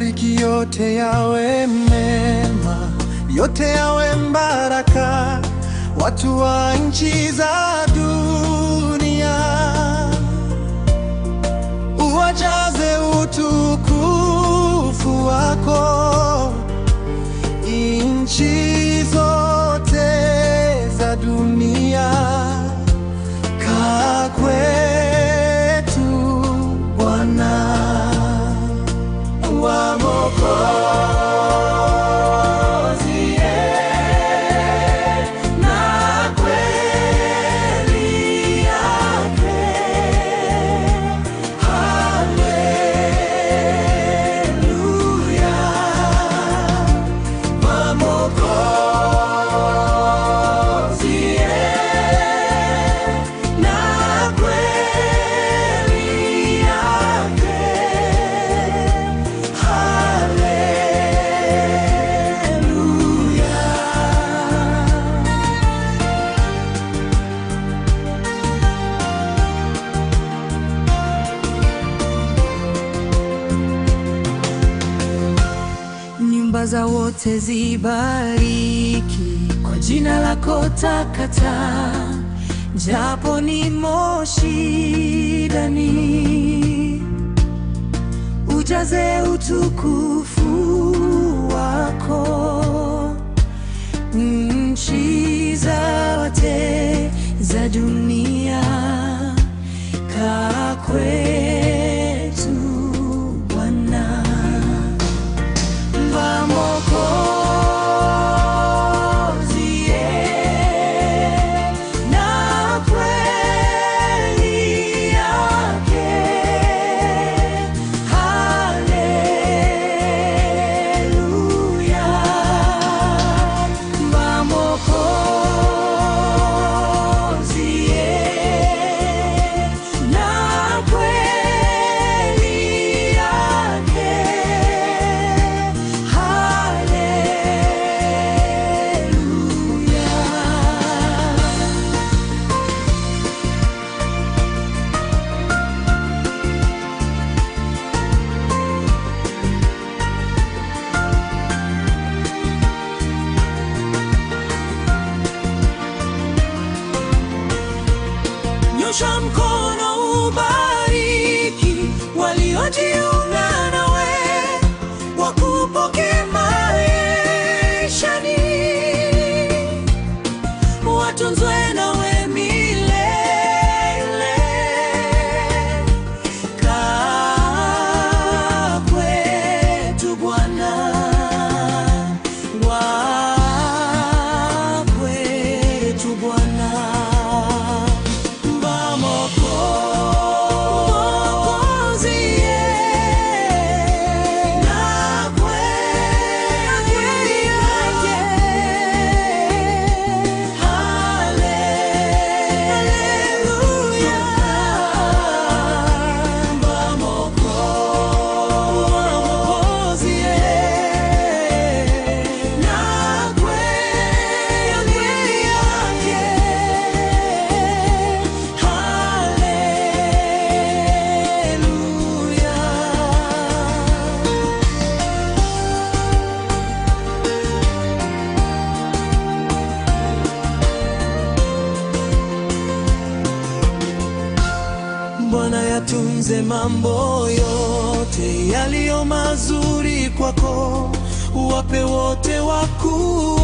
Bariki yote yawe mema, yote yawe mbaraka, watu wa nchi za dunia, uwajaze utukufu wako nchi nyumba za wote zibariki kwa jina lako takata, japo ni moshi dani, ujaze utukufu wako nchi za wote za dunia. 成功。tunze mambo yote yaliyo mazuri kwako, uwape wote wakuu